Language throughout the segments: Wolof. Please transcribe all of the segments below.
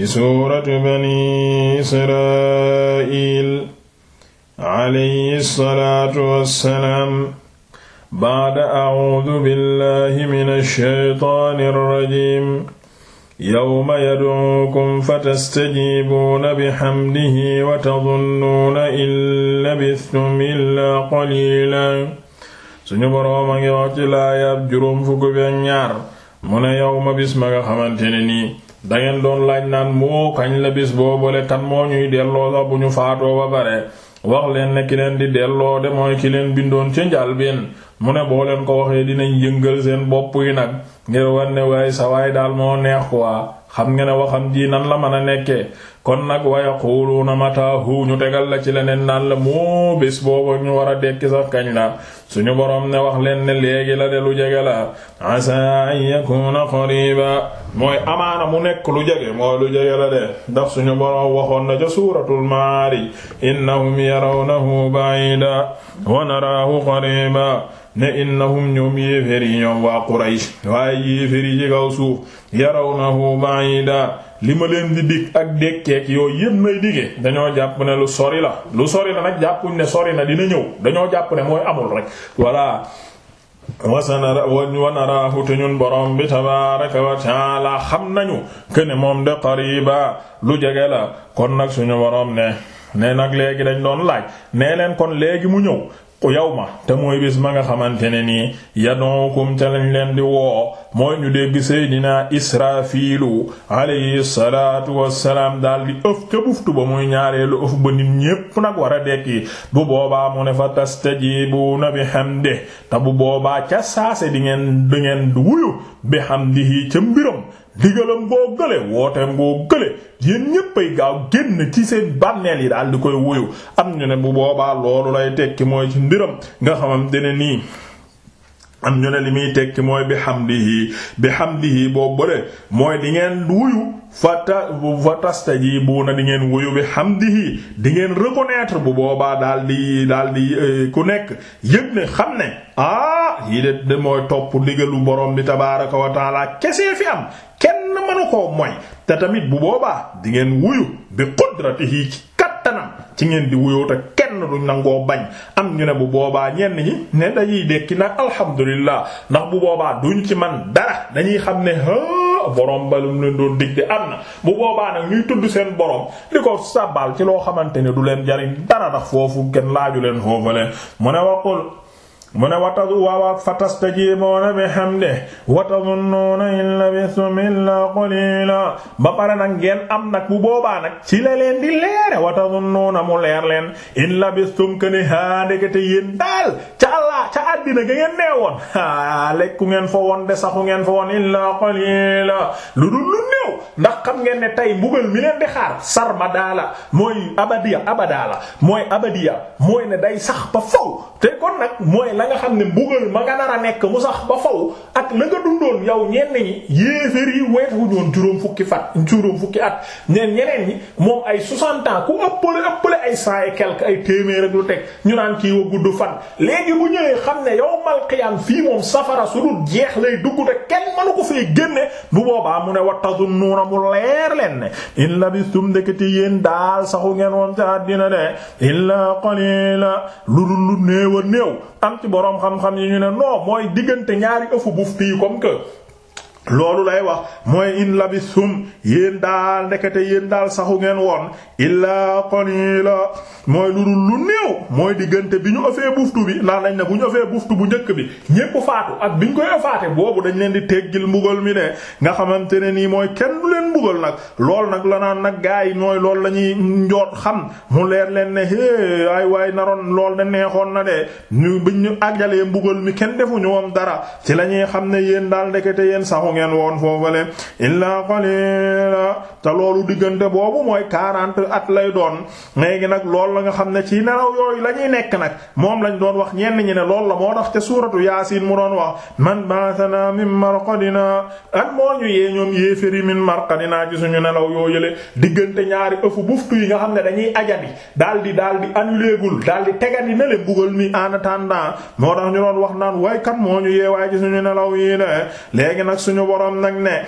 di suuratu bani israil alayhi salaatu wassalaam ba'da a'uudu billahi mina shaytaani rajiim yawma yad'uukum fatastajiibuuna bihamdihi wa tadunnuuna in labistum illaa qaliilan suñu boroom a ngi wax ci laayab juróom fukk ak ñaar mu ne yawma bis ma nga xamante ne nii dangeen doon laaj naan mboo kañ la bis boobale kan moo ñuy delloo sax bu ñu faatoo ba bare wax leen ne ki leen di delloo de mooy ki leen bindoon ca njàlbéen mu ne boo leen ko waxee dinañ yëngal seen bopp yi nag ngir wan ne waaye sa daal moo neex quoi xam nga ne waxam ji nan la mën a nekkee kon nag wa yaquluuna mataahu ñu tegal la ci leneen naan la moo bés boobo ñu war a dekki sax kañ la suñu boroom ne wax leen ne léegi la de lu jege la asaa an yakuna qariba mooy amaana mu nekk lu jege mooy lu jege la de ndax suñu boroom waxoon na ca suuratul maari innahum yarawnahu ba'ida wa naraahu qariba ne innahum ñoom yéeféer yi ñoom waa Quraysh waaye yéeféer yi ci kaw suuf yarawnahu ba'ida li ma leen di dig ak dekkeek yooyu yépp may digee dañoo jàpp ne lu sori la lu sori la nag jàppuñ ne sori na dina ñëw dañoo jàpp ne mooy amul rek voilà wasanara wanaraahu te ñun borom bi tabaaraka wa laa xam nañu ne moom de qariba lu jege la kon nag suñu borom ne ne nag léegi dañ doon laaj nee leen kon léegi mu ñëw yawma te mooy bés ma nga xamante ne nii yadookum ca lañ leen di woo mooy ñu dégg seydinaa israfilu alayhi salaatu wassalaam daal di ëf ca buftu ba muy ñaareelu ëf ba nit nag war a dekki bu boobaa mu ne fa tastajibuuna bi hamdi te bu boobaa ca saase di ngeen di ngeen wuyu bi hamdihi ca mbiram digalam boo gële wooteem boo gële yéen ñéppay gaaw génn ci seen bànneel yi daal di koy wuyu am ñu ne bu boobaa loolu lay tekki mooy ci ndiram nga xamante ne nii am ñu ne li muy tekki mooy bi hamdihi bi xam hamdihi boobu de mooy di ngeen wuyu fata fatastajibuuna di ngeen wuyu bi hamdihi di ngeen reconnaître bu boobaa daal di daal di e, ku nekk yëg ne xam ne ah yi de de mooy topp ndigalu borom bi tabaaraka wa taala kese fi am kenn mënu koo mooy te tamit bu boobaa di ngeen wuyu bi qudratihi ci kattanam ci ngeen di wuyoo te ñenn duñ nangoo bañ am ñu ne bu boobaa ñenn ñi ne dañuy dekki nag alhamdulillah ndax bu boobaa duñ ci man dara dañuy xam ne borom balum leen doon dig de am na bu boobaa nag ñuy tudd seen borom li ko sàbbaal ci loo xamante ne du leen jariñ dara ndax foofu kenn laaju leen foofale mu ne waqul mu ne watadu waawa fatastajiibuuna bi hamdihi wa tadunnuuna in labistum illaa qaliila ba pare nag ngeen am nag bu boobaa nag ci la leen di leere wa tadunnuuna mu leer leen in labistum kene haa ndekete yéen daal àddina ga ngeen nee woon a ah, lekku ngeen fa woon de saxu ngeen fa woon illaa qalila lu dul lu néew ndax xam ngeen ne tey mbugal mi leen di xaar sarmadaala mooy abadia abada la mooy abadia mooy ne day sax ba faw te kon nag mooy la nga xam ne mbugal ma nga nar a nekk mu sax ba faw ak la nga dundoon yow ñenn ñi yéefér yi weetu ñoon juróom fukki fat juróom fukki at ñeen ñeneen ñi moom ay 60 ans ku ëppale ëppale ay cent et quelque ay téeméer ak lu teg ñu naan kii gudd fan yow yawmal qiyaam fii moom safara su dul jeex lay dugg te kenn mënu ko fee génne bu boobaa mu ne wa tadunnuuna mu leer leen ne in labistum ndekete yéen daal saxu ngeen woon ci àddina de illaa qaliila lu dul lu néew néew am ci boroom xam-xam yi ñu ne non mooy diggante ñaari ëfu bufti yi comme que loolu lay wax mooy in labisum yéen daal ndekete yéen daal saxu ngeen woon illaa qalila mooy lu dul lu néew mooy diggante bi ñu ëffee buftu bi ndax dañ ne bu ñu ëffee buftu bu njëkk bi ñépp faatu ak bi ñu koy ëffaate boobu dañ leen di teggil mbugal mi ne nga xamante ne nii mooy kenn du leen mbugal nag lool nag la naan nag gaa yi mooy loolu la ñuy njoot xam mu leer leen ne é ay waay naroon lool ne neexoon na de ñu biñ ñu àggalee mbugal mi kenn defu ñoom dara ci la ñuy xam ne yéen daal ndekete yéen saxu dong ngeen woon foofale illaa qalila te loolu diggante boobu mooy quarante at lay doon léegi nag lool la nga xam ne ci nelaw yooyu la ñuy nekk nag moom lañ doon wax ñenn ñi ne loolu la moo tax ca suuratu yaasiin mu doon wax man ba'athana min marqadina ak moo ñu yee ñoom yéeféri min marqadina ci suñu yoo yële diggante ñaari ëfu buftu yi nga xam ne dañuy ajadi daal di daal di annulégul daal di tegandi na le bugal naan way kan moo ñu yee waaye ci suñu nelaw yi de léegi nag suñu suñu boroom nag ne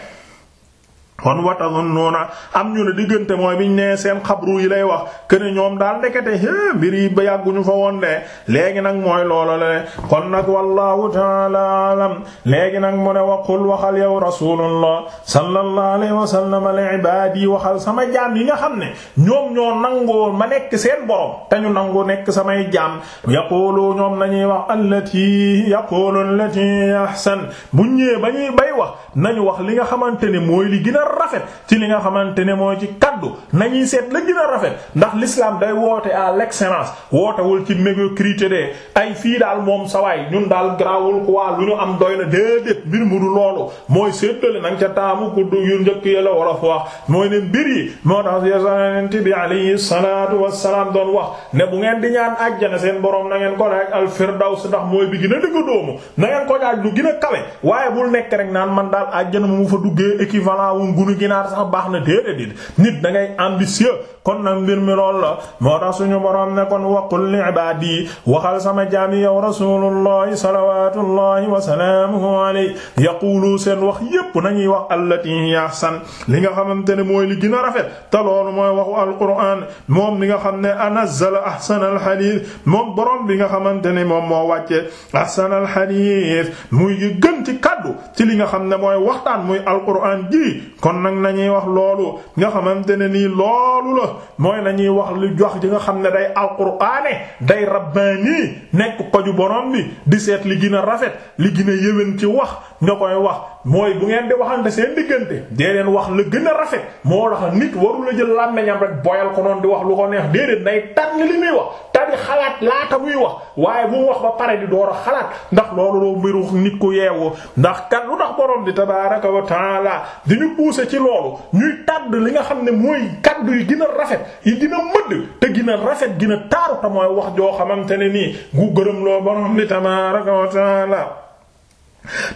kon watazunnuuna am ñu diggante mooy biñ nee seen xabru yi lay wax kene ñoom daal ndekete é yi ba yàgguñu fa woon de léegi nag mooy loola le kon nag wallahu taala alam léegi nag mu ne waqul waxal yow rasulullah sallallahu alayhi wa sallam li ibaadi waxal sama jaam yi nga xam ne ñoom ñoo nangoo ma nekk seen borom te ñu nangu nekk samay jaam yaqulu ñoom nañuy wax allati yaqulu allati ahsan bu ñëwee bañuy koy wax nañu wax li nga xamante ne mooy li gën a rafet ci li nga xamante ne mooy ci kaddu nañuy seet la gën rafet ndax l'islam day woote à l'excellence wootewul ci médiocrité de ay fii daal moom sawaay ñun daal grawul ko waa lu ñu am doy na déedéet mbir mu du loolu mooy séddale nanga ca taamu kudd yu njëkk ya la wax mooy ne mbir yi moo tax yonent bi alayhi salaatu wassalaam doon wax ne bu ngeen di ñaan àjjana seen borom na ngeen ko laaj al firdaws ndax mooy naan man daal àjjana mu fa duggee équivalent wu ngunu ginaar sax baax na déedéet nit da ngay ambitieux kon nag mbir mi lool la moo tax suñu borom ne kon waqul li ibadi waxal sama jaam yi yow rasulullahi salawatullahi wa salaamuhu alayhi yaqulu seen wax yépp nañuy wax allati ahsan li nga xamante ne mooy li gën a rafet te loolu mooy waxu alquran moom li nga xam ne anazzala ahsan alhadith moom borom bi nga xamante ne moom moo wàcce ahsan alhadith muy xam ne mooy waxtaan muy alquran ji kon nag nañuy wax loolu nga xamante ne nii loolu la mooy nañuy wax lu jox ji nga xam ne day alquraane day rabbaani nekk ko ju borom bi di seet li gën a rafet li gën a yéwén ci wax ña koy wax mooy bu ngeen di waxante seen diggante dee wax la gën a rafet moo tax nit warul la jël làmmeñam rek boyal ko di wax lu ko neex déedéet nay tànn li muy wax te di xalaat laata muy wax waaye mu wax ba pare di door a xalaat ndax loolu loo mbiru nit ku ndax kan lu tax borom di tabaaraka wa taala di ñu pousser ci loolu ñuy tàdd li nga xam ne muy kaddu yi gën rafet yi gën a mëdd te gina rafet gën a taaru te mooy wax joo xamante ne nii gu gërëm loo borom di tabaaraka wa taala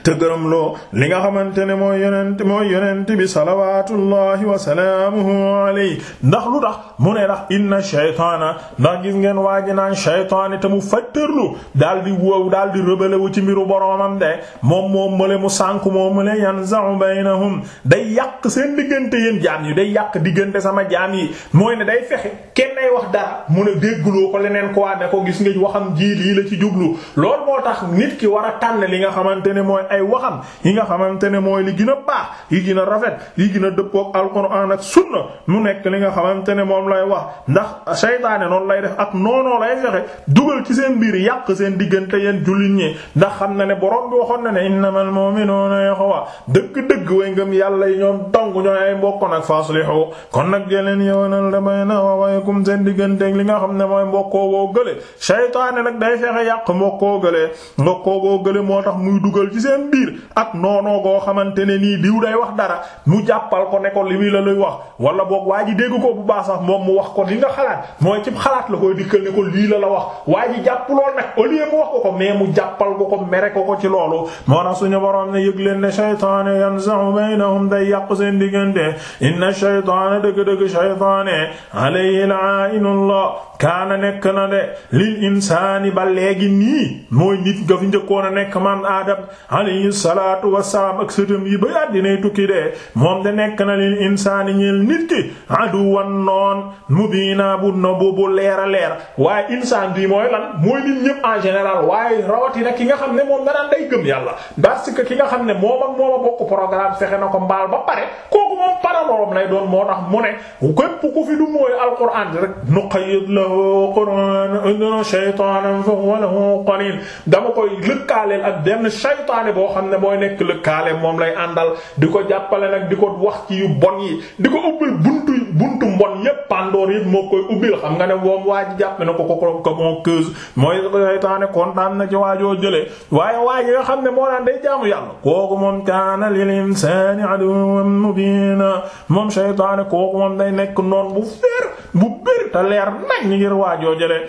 te gërëm loo li nga xamante ne mooy yonent mooy yonent bi salawaatullahi wa salaamuhu alayhi ndax lu tax mu ne ndax inna shaytaana ndax gis ngeen waa ji naan shaytaani te mu fàttarlu daal di wow daal di rëbëlewu ci mbiru boroomam de moom moom mële mu sànk moo mële yanza'u baynahum day yàq seen diggante yéen jaam yi day yàq diggante sama jaam yi mooy ne day fexe kenn ay wax dara mu ne déggloo ko leneen ko ne ko gis nga waxam ji lii la ci jublu loolu moo tax ay waxam yi nga xamante ne mooy li gën a baax a rafet a dëppook alquran ak sunna mu nekk li nga xamante ne moom lay wax ndax saytaane noonu lay def ak noonoo lay fexe ci seen biir yàq seen diggante yeen jullit ñi ndax xam na ne borom bi waxoon na ne innamal mu'minuna ikhwa dëgg-dëgg way ngëm yàlla yi ñoom dong ñooy ay mbokk nag faslihu kon nag jëleen yowanal damay na wa waykum seen diggante li nga xam ne mooy mbokkoo boo gële saytaane nag day fexe yàq mbokkoo gële mbokkoo boo gële moo tax muy dugal ci seen seen biir ak noonoo goo xamante ne nii diw day wax dara mu jàppal ko ne ko li muy la luy wax wala boog waa ji ko bu baax sax moom mu wax ko li nga xalaat mooy ci xalaat la koy dikkal ne ko lii la la wax waa ji jàpp lool nag au lieu mu wax ko ko mais mu jàppal ko ko mere ko ko ci loolu moo tax suñu borom ne yëg leen ne shaytaan yanza'u baynahum day yàq seen diggante inna shaytaana dëgg-dëgg shaytaane alayhi la'inullah kaana nekk na de lil insaani ba léegi nii mooy nit nga fi njëkkoon a nekk man aadam alayhi salaatu wassalaam ak sëtëm yi ba yàddinay tukki de moom de nekk na lil insaani ñeel nit ki aduwan noon mubiina bu nobu bu leera leer waaye insaan bi mooy lan mooy nit ñëpp en général waaye rawatina ki nga xam ne moom danaan day gëm yàlla parce que ki nga xam ne moom ak moom a bokk programme fexe na ko mbaal ba pare kooku moom moroom lay doon moo tax mu ne képp ku fi du mooy alquran rek nuqayyid lahu qur'anan shaytanan fa huwa lahu qarin dama koy lëkkaaleel ak benn shaytaane boo xam ne mooy nekk lëkkaale moom lay àndal di ko jàppale nag di ko wax ci yu bon yi di ko ubbil buntu buntu mbon yépp pandoor yépp moo koy ubbil xam nga ne moom waa ji jàpp na ko ko ko moo keuse mooy seytaane kontaan na ci waajoo jële waaye waa ji xam ne moo naan day jaamu yàlla kooku moom kaana lil insaani aduwwan mubiina moom seytaane kooku moom day nekk noon bu fér bu bér te leer nañ ngir waajoo jëlee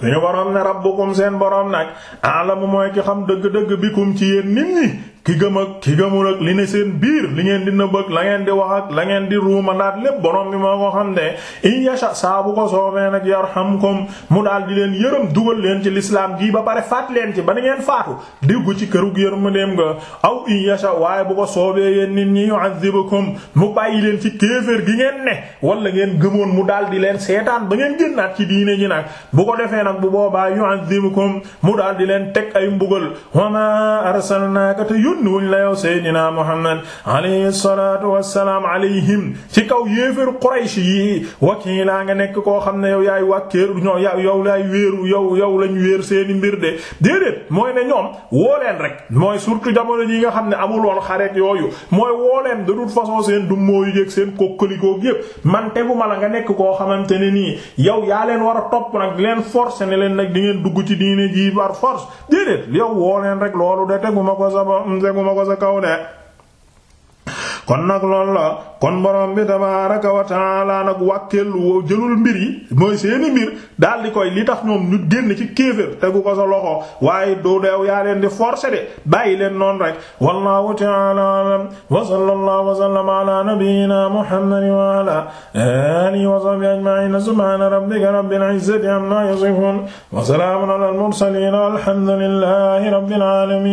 suñu boroom ne rabbukum seen boroom nag alamu mooy ki xam dëgg-dëgg bikum ci yéen nit ñi ki gëm ak ki gëmul ak li ne seen biir li ngeen di nëbb ak la ngeen di wax la ngeen di ruumandaat lépp borom bi moo ko xam ne in yasha saa bu ko soobee nag yarhamkum mu daal leen yërëm dugal leen ci lislaam gi ba pare faat leen ci ba ngeen faatu déggu ci ma yërmandeem nga aw in yasha waaye bu ko soobee yeen nit ñi yu'adhibukum mu bàyyi leen ci kéefër gi ngeen ne wala ngeen gëmoon mu daal di leen seetaan ba ngeen génnaat ci diine ji nag bu ko defee nag bu boobaa yu'adhibukum mu daal di leen teg ay mbugal yónni wuñ la yow Seydina Muhammad alayhi salaatu wassalaam alayhim ci kaw yéeféru Quraysh yi wakiilaa nga nekk koo xam ne yow yaay wàkkeeru ñoo yow laay wéeru yow yow lañ wéer seeni mbir de déedéet mooy ne ñoom woo leen rek mooy surtout jamono ji nga xam ne amul woon xareet yooyu mooy woo leen de toute façon seen dummóoyu yéeg seen kokkalikoo yépp man teguma la nga nekk koo xamante ne nii yow yaa leen war a topp nag di leen forcer ne leen nag di ngeen dugg ci diine ji par force déedéet yow woo rek loolu de teguma ko sama tegu ma ko sa kaw kon nag loolu la kon borom bi tabaaraka wa taala nag wàkkeelu woo jëlul mbir yi mooy seeni mbir daal di koy li tax ñoom ñu génn ci kéefër tegu ko sa loxo waaye du deew yaa leen di forcer de bàyyi leen rek wallahu ta'ala a'lam wa sallallahu wa sallama ala nabiyyina muhammadin wa ala alihi wa sahbihi ajma'in subhana rabbika rabbil izzati amma yasifun wa salamun ala al mursalin alhamdulillahi rabbil alamin